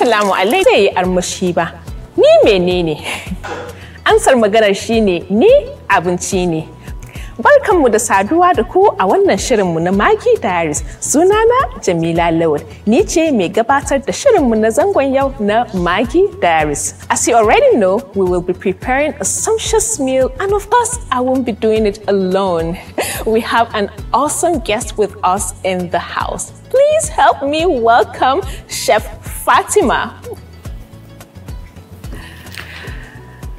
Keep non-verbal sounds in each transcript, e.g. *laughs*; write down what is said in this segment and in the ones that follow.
Assalamu alaikum armashi ba. Ni menene? Amsar maganar shine ni abinci ne. Barkanmu da saduwa da ku a wannan shirinmu na Maggie Diaries. Sunana Jamila Lawal. Ni ce mai gabatar da shirinmu na zangon yau na Magi Diaries. As you already know, we will be preparing a sumptuous meal and of course, I won't be doing it alone. We have an awesome guest with us in the house. Please help me welcome Chef Fatima.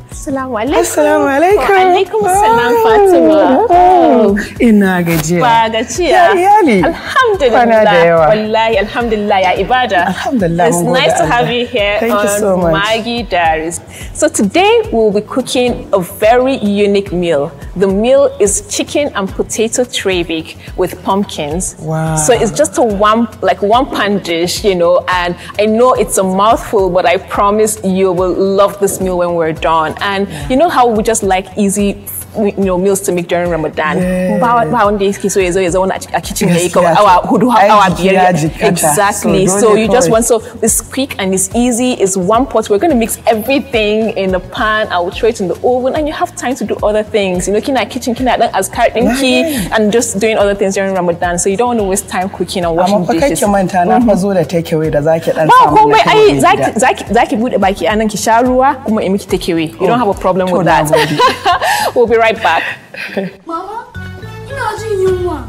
Assalamu alaikum. Assalamu alaikum. alaikum salam Fatima. Oh, ina gajiya. Ba gajiya. Ya iyali. Alhamdulillah. Wallahi alhamdulillah ya ibada. Alhamdulillah. It's nice to have you here Thank on you so much. Maggie Diaries. So today we'll be cooking a very unique meal. The meal is chicken and potato trebik with pumpkins. Wow. So it's just a one like one pan dish, you know, and I know it's a mouthful, but I promise you will love this meal when we're done. And you know how we just like easy you know meals to make during Ramadan. Yes. Exactly. So you just want so it's quick and it's easy. It's one pot. We're going to mix everything in the pan. I will throw it in the oven, and you have time to do other things. You know, kina kitchen kina as carrying key and just doing other things during Ramadan. So you don't want to waste time cooking or washing dishes. Amma fa na fa zo da take away da zaki dan samu. Ba komai ai zaki zaki zaki bude baki anan ki kuma in take away. You don't oh, have a problem with that. *laughs* we'll be right back. Mama, ina jin yunwa.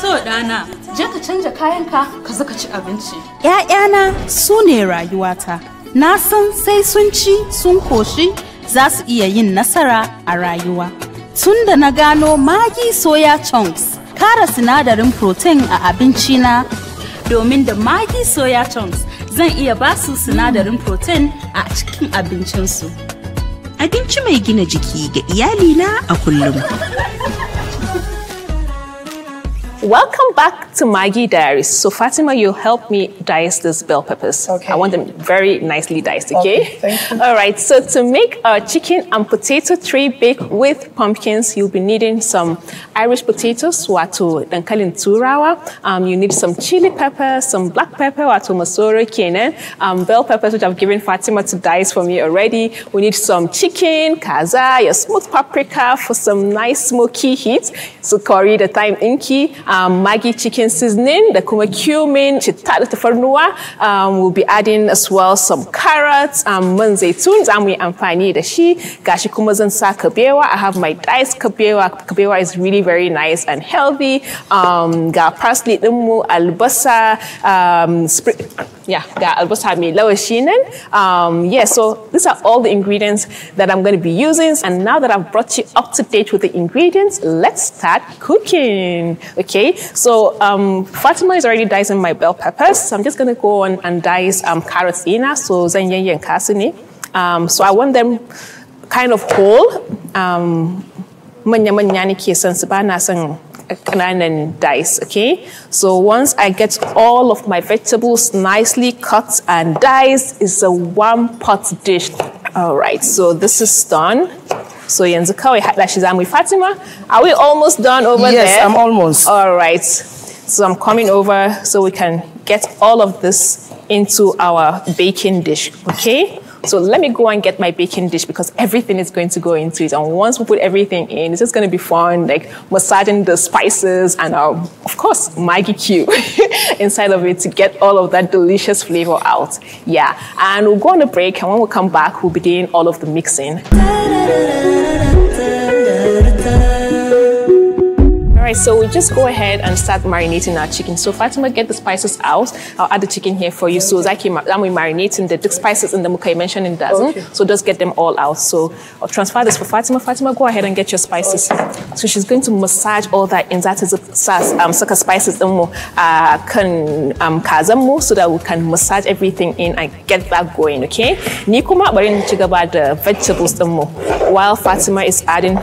To ɗana, je ka canja kayanka ka zaka ci abinci. ‘Ya'yana su ne rayuwata, na san sai sun ci sun koshi za su iya yin nasara a rayuwa. Tun da na gano magi soya chunks, kara sinadarin protein a abinci na domin da magi soya chunks zan iya basu sinadarin protein a cikin abincinsu. abinci mai gina jiki ga iyalina a kullum. Welcome back to Maggie Diaries. So Fatima, you'll help me dice these bell peppers. Okay. I want them very nicely diced, okay? okay thank you. All right, so to make our chicken and potato tree bake with pumpkins, you'll be needing some Irish potatoes, wato dankalin turawa. Um, you need some chili pepper, some black pepper, wato masoro kenan, um, bell peppers, which I've given Fatima to dice for me already. We need some chicken, kaza, your smooth paprika for some nice smoky heat. So curry the time inky um, Maggi chicken seasoning the kuma cumin, citta tafarnuwa. Um, we'll be adding as well some carrots, um, man zaitun za mu yi amfani da shi. Gashi kuma zan sa kabewa. I have my diced kabewa. Kabewa is really very nice and healthy. Um, ga parsley ɗinmu, albasa, um, yeah, ga albasa mai lawashi nan. Um, yeah, so these are all the ingredients that I'm going to be using. And now that I've brought you up to date with the ingredients, let's start cooking. Okay okay? So um, Fatima is already dicing my bell peppers. So I'm just going to go on and dice um, carotina, so zenyenye and kasini. Um, so I want them kind of whole. Manya-manya um, nake and dice, okay? So once I get all of my vegetables nicely cut and diced, it's a one-pot dish. All right, so this is done. So Yenzuka, we had that she's I'm with Fatima. Are we almost done over yes, there? Yes, I'm almost. All right. So I'm coming over so we can get all of this into our baking dish, okay? So let me go and get my baking dish because everything is going to go into it. And once we put everything in, it's just going to be fun, like massaging the spices and our, uh, of course, Maggie cube *laughs* inside of it to get all of that delicious flavor out. Yeah. And we'll go on a break. And when we come back, we'll be doing all of the mixing. so we just go ahead and start marinating our chicken. So Fatima, get the spices out. I'll add the chicken here for you. So Zaki, I'm marinating the, the spices in the mukai mentioned in doesn't. Okay. So just get them all out. So I'll transfer this for Fatima. Fatima, go ahead and get your spices. Okay. So she's going to massage all that in that is um, saka spices in more uh, can um so that we can massage everything in and get that going, okay? Ni kuma bari ni cigaba the vegetables the mu while Fatima is adding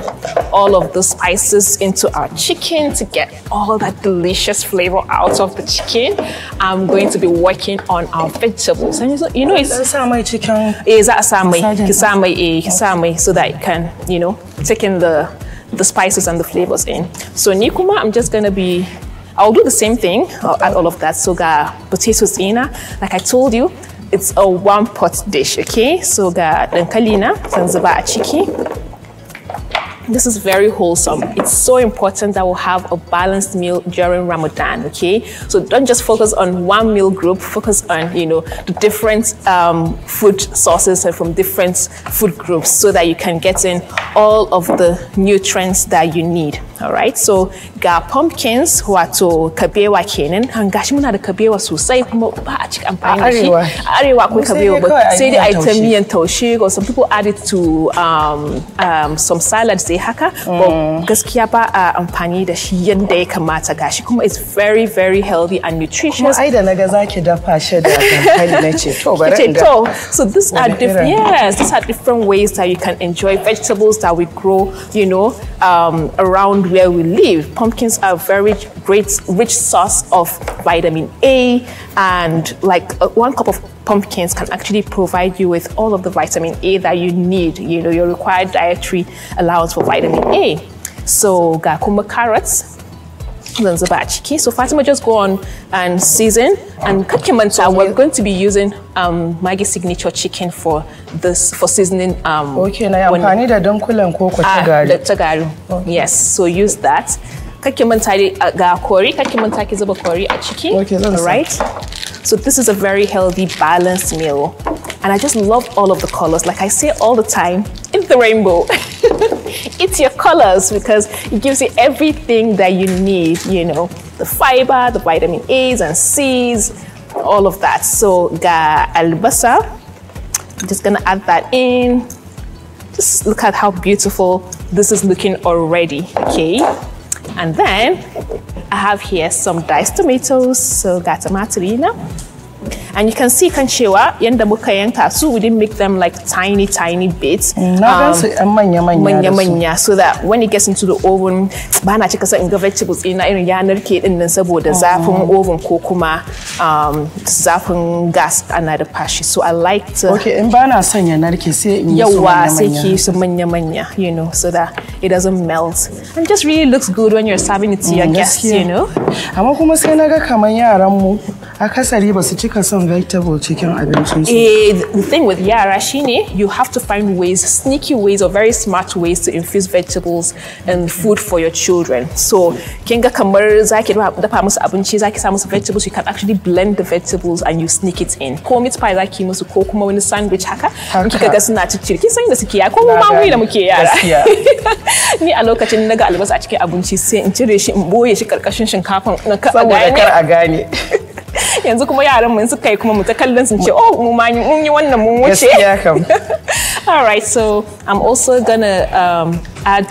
all of the spices into our chicken chicken to get all that delicious flavor out of the chicken, I'm going to be working on our vegetables. And so, you know, it's... Samai chicken. Eh, is that samai? Kisamai, eh, kisamai, so that it can, you know, take in the, the spices and the flavors in. So Nikuma, I'm just going to be I'll do the same thing. I'll add all of that soga potatoes in. Like I told you, it's a one pot dish, okay? Soga dankalina, sanziba a chicken. This is very wholesome. It's so important that we have a balanced meal during Ramadan, okay? So don't just focus on one meal group, focus on, you know, the different um, food sources and from different food groups so that you can get in all of the nutrients that you need. alright so ga pumpkins wato kabewa kenan an gashi muna da kabewa sosai kuma ba a cika amfani da shi a arewa akwai kabewa ba sai dai a ta miyan taushe or some people add it to um, um, some salad sai haka but mm. gaskiya ba a amfani da shi yadda ya kamata gashi kuma it's very very healthy and nutritious kuma ai da ga zaki dafa shi da kankani na ce to bari in to so these are different yes these are different ways that you can enjoy vegetables that we grow you know um, around food where we live. Pumpkins are a very great, rich source of vitamin A, and like uh, one cup of pumpkins can actually provide you with all of the vitamin A that you need, you know, your required dietary allowance for vitamin A. So, ga carrots, Zanzibar chicken. So Fatima, just go on and season and cut your manta. We're going to be using um, Maggie's signature chicken for this for seasoning. Um, okay, na amfani need a ko ko ah, tagari. Da tagari. Yes, so use that. Kake manta uh, ga kori, kake manta ki zuba a Okay, that's all right. So this is a very healthy, balanced meal. And I just love all of the colors. Like I say all the time, it's the rainbow. *laughs* it's your colors because it gives you everything that you need, you know, the fiber, the vitamin A's and C's, all of that. So ga albasa, I'm just gonna add that in. Just look at how beautiful this is looking already, okay? And then I have here some diced tomatoes, so got tomato, you know? And you can see kan cewa yanda muka yanka su, we didn't make them like tiny, tiny bits. Mm, na manya-manya. Um, manya-manya so that when it gets into the oven ba na cika sa inga vegetables ina irin yanar ke din nan saboda mm. zafin oven ko kuma um, zafin gas ana da fashi. So I like to. Okay, in ba na son yanar ke sai in yi su manya-manya. Yawa sai ki su manya-manya, you know, so that it doesn't melt. And just really looks good when you're serving it to mm, your guests, you know. Amma kuma sai na ga kamar yaran mu akasari ba su cika son vegetable cikin abincin su. Eh, the thing with yara shine you have to find ways, sneaky ways or very smart ways to infuse vegetables and food for your children. So, kin ga kamar zaki dafa musu abinci, zaki sa musu vegetables, you can actually blend the vegetables and you sneak it in. Ko meat pie zaki musu ko kuma wani sandwich haka. In kika ga suna cicciri, kin san da suke ya ko mu ma da muke yara. *laughs* Ni a lokacin na ga albasa a cikin abinci sai in cire shi in boye shi karkashin shinkafan. Saboda kar a gane. *laughs* yanzu kuma yaran mun suka yi kuma mu ta kallon sun ce oh mu ma mun yi wannan mun wuce *laughs* all right so i'm also gonna um, add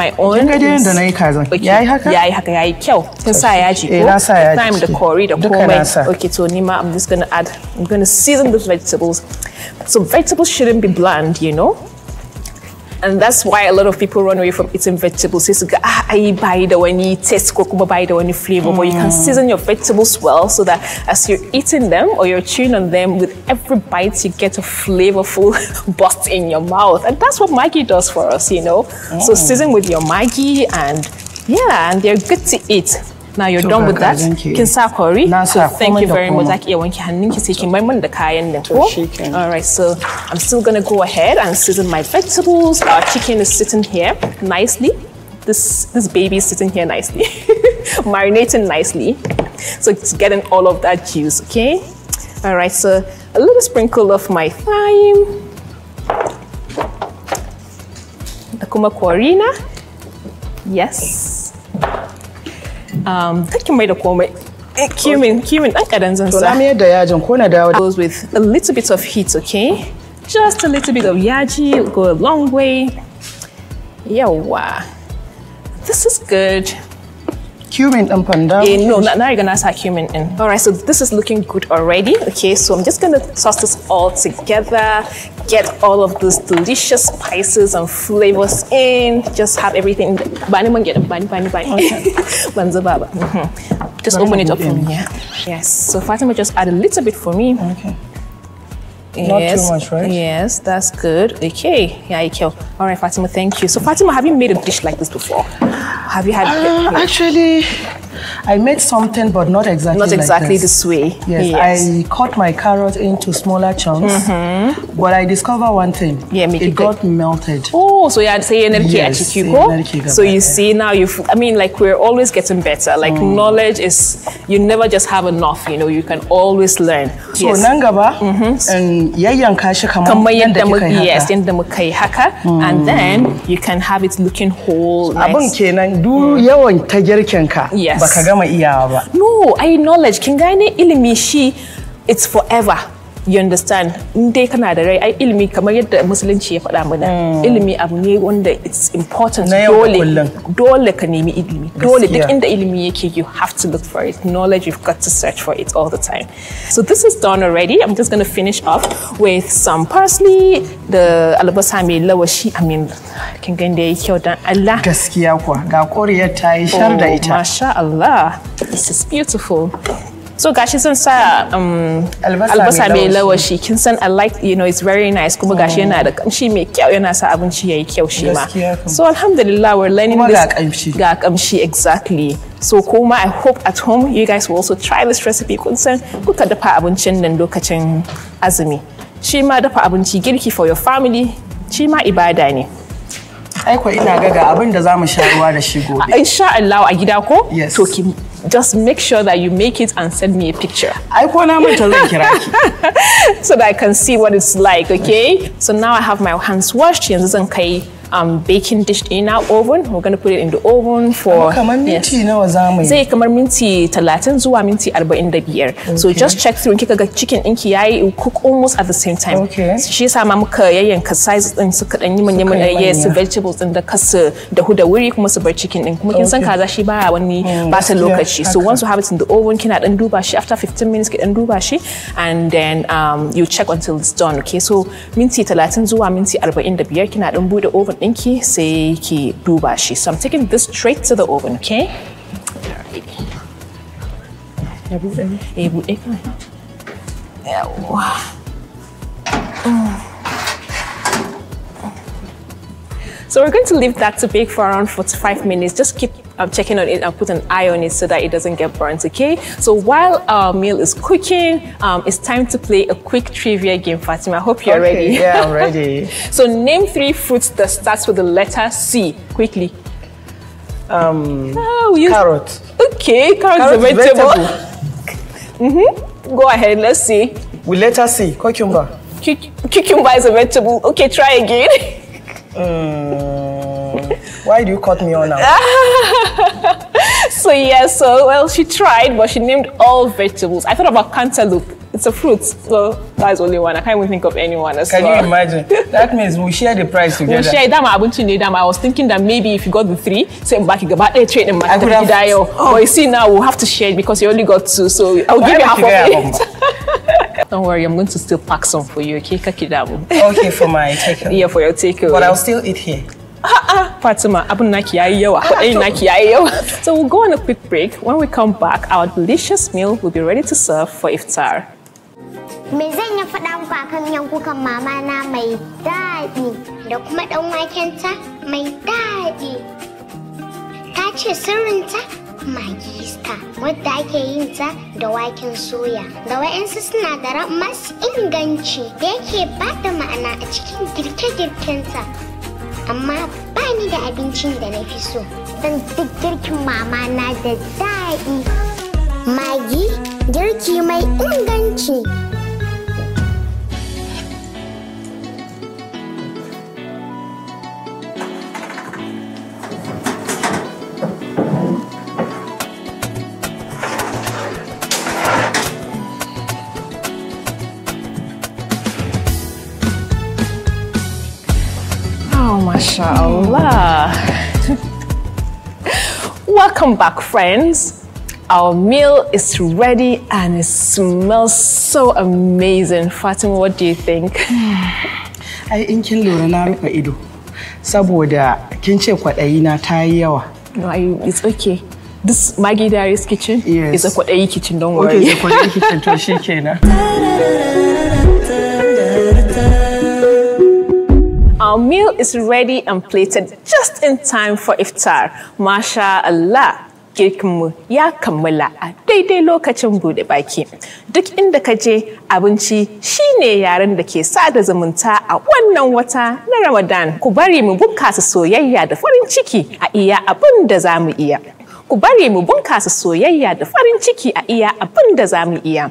my own kin ga dai da nayi kazan yayi haka yayi haka yayi kyau kin sa yaji eh, ko sa yaji time da curry da komai okay so nima i'm just gonna add i'm gonna season those vegetables so vegetables shouldn't be bland you know And that's why a lot of people run away from eating vegetables. It's like, ah, I buy the one you taste, kokuba buy the one you flavor. Mm. But you can mm. season your vegetables well so that as you're eating them or you're chewing on them, with every bite you get a flavorful *laughs* burst in your mouth. And that's what Maggie does for us, you know. Mm. So season with your Maggie and yeah, and they're good to eat. Now you're done with that. Kin sa kori. So thank you very much. Zaki iya wanke hannunki sai kin maimun da kayan nan. All right, so I'm still going to go ahead and season my vegetables. Our chicken is sitting here nicely. This this baby is sitting here nicely. *laughs* Marinating nicely. So it's getting all of that juice, okay? All right, so a little sprinkle of my thyme. The kuma quarina. Yes um take mai eh, da komai cumin cumin and kadan to na goes with a little bit of heat okay just a little bit of yaji will go a long way Yeah, wow. this is good cumin and pandan. Eh, no, you're gonna add cumin in. All right, so this is looking good already. Okay, so I'm just gonna toss this all together, get all of those delicious spices and flavors in, just have everything. Bani man get bani bani bani. Banza *laughs* baba. Mm-hmm. Just open it up for me. Yeah. Yes. So Fatima just add a little bit for me. Okay. Not yes. too much, right? Yes, that's good. Okay. Yeah, Okay. All right, Fatima, thank you. So, Fatima, have you made a dish like this before? Have you had? Uh, actually, I made something, but not exactly. Not exactly like this. this. way. Yes, yes, I cut my carrot into smaller chunks, mm -hmm. but I discovered one thing. Yeah, make it It got melted. Oh, so yeah, say energy yes, achikuko. So you see now you. have I mean, like we're always getting better. Like mm. knowledge is, you never just have enough. You know, you can always learn. So yes. nangaba -hmm. and yayan kashi kama yanda muka yes yanda muka haka mm. and then you can have it looking whole. Abang nice. kenan du mm. yawan tajarkin Yes. baka gama iyawa ba no i knowledge kin gane ilimi shi it's forever you understand in dai kana da rai ai ilimi kamar yadda musulunci ya faɗa mana mm. ilimi abu ne wanda it's important dole dole ka nemi ilimi dole duk inda ilimi yake you have to look for it knowledge you've got to search for it all the time so this is done already i'm just going to finish off with some parsley the albasa mai lawashi i mean kin ga yake kyau dan Allah gaskiya kuwa ga koriyar ta yi shar da oh, ita masha Allah this is beautiful so gashi zan sa um, albasa mai lawashi kin san i like you know it's very nice kuma gashi yana da kamshi mai kyau yana sa abinci yayi kyau shi ma so alhamdulillah we're learning this ga kamshi ga kamshi exactly so kuma i hope at home you guys will also try this recipe kun san kuka dafa abincin nan lokacin azumi shi ma dafa abinci girki for your family shi ma ibada ne aiko ina ga ga abin da za sha ruwa da shi gobe insha Allah a gida ko to ki just make sure that you make it and send me a picture. I *laughs* so that I can see what it's like, okay? So now I have my hands washed, and it's okay. um, baking dish our oven we're to put it in the oven for kamar minti nawa zamu zai kamar minti talatin zuwa minti biyar so just check through kika ga chicken in yayi it cook almost at the same time okay. shi yasa ma muka yayyanka size din suka ɗan yi manya manya yes vegetables din da kasa da huda wuri kuma su bar chicken ɗin kuma kin san kaza shi baya wani mm, bata lokaci so once you have it in the oven kina ɗan duba shi after 15 minutes ki ɗan duba shi and then um, you check until it's done okay so minti talatin zuwa minti biyar kina ɗan bude oven Inky, say ki duba So I'm taking this straight to the oven, okay? So we're going to leave that to bake for around 45 minutes. Just keep I'm checking on it and put an eye on it so that it doesn't get burnt, okay? So while our meal is cooking, um, it's time to play a quick trivia game, Fatima. I hope you're okay, ready. Yeah, I'm *laughs* ready. so name three fruits that starts with the letter C, quickly. Um, oh, you... Carrot. Okay, carrot, carrot is a vegetable. vegetable. *laughs* mm -hmm. Go ahead, let's see. We letter C, cucumber. cucumber is a vegetable. Okay, try again. *laughs* um, why do you cut me on now? *laughs* so yeah, so well, she tried, but she named all vegetables. I thought about cantaloupe. It's a fruit, so that's only one. I can't even think of anyone as Can well. Can you imagine? that means we share the price together. We share them. I went to need I was thinking that maybe if you got the three, so back you go back eight trade and back have dial. Oh. But you see now we'll have to share it because you only got two, so I'll give you half of it. *laughs* Don't worry, I'm going to still pack some for you, okay? Okay, for my *laughs* takeaway. Yeah, for your takeaway. But I'll still eat here a'a Fatima abun naki yayi yawa haɗarin naki yayi yawa *laughs* so we'll go on a quick break when we come back our delicious meal will be ready to serve for iftar me zan yi faɗa muku akan yankukan mama na mai daɗi da kuma ɗan wakenta mai daɗi ta ce sirrinta magista wadda ake yin ta da waken soya da wa'yansu sinadaran masu inganci da yake ba da ma'ana a cikin girke-girkenta amma ba ni da abincin da na fi so don duk girkin mama na da daɗi magi Welcome back, friends. Our meal is ready and it smells so amazing. Fatima, what do you think? *sighs* I in kin lura na rufe ido saboda kin ce kwadayi na ta yi No, it's okay. This Maggie Diary's kitchen yes. is a kwadayi kitchen, don't worry. Okay, it's a kwadayi kitchen to *laughs* shi kenan. Our meal is ready and plated just in time for iftar. Masha Allah, girkinmu ya kammala a daidai lokacin bude baki. Duk inda ka je abinci shine yaren da ke sada zumunta a wannan wata na Ramadan. Ku bari mu bunkasa soyayya da farin ciki a iya abin da za mu iya. Ku bari mu bunkasa soyayya da farin ciki a iya abin da za mu iya.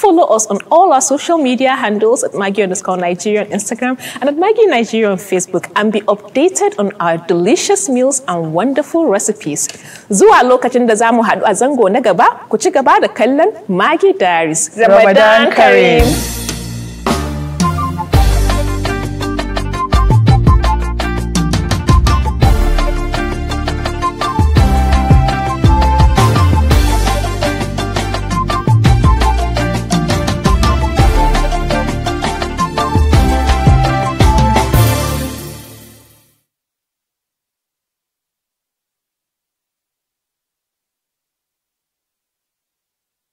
Follow us on all our social media handles at Maggie underscore Nigeria on Instagram and at Maggie Nigeria on Facebook and be updated on our delicious meals and wonderful recipes. Zuwa lokacin da za mu haɗu a zango na gaba, ku ci gaba da kallon Maggie Diaries. Ramadan Karim.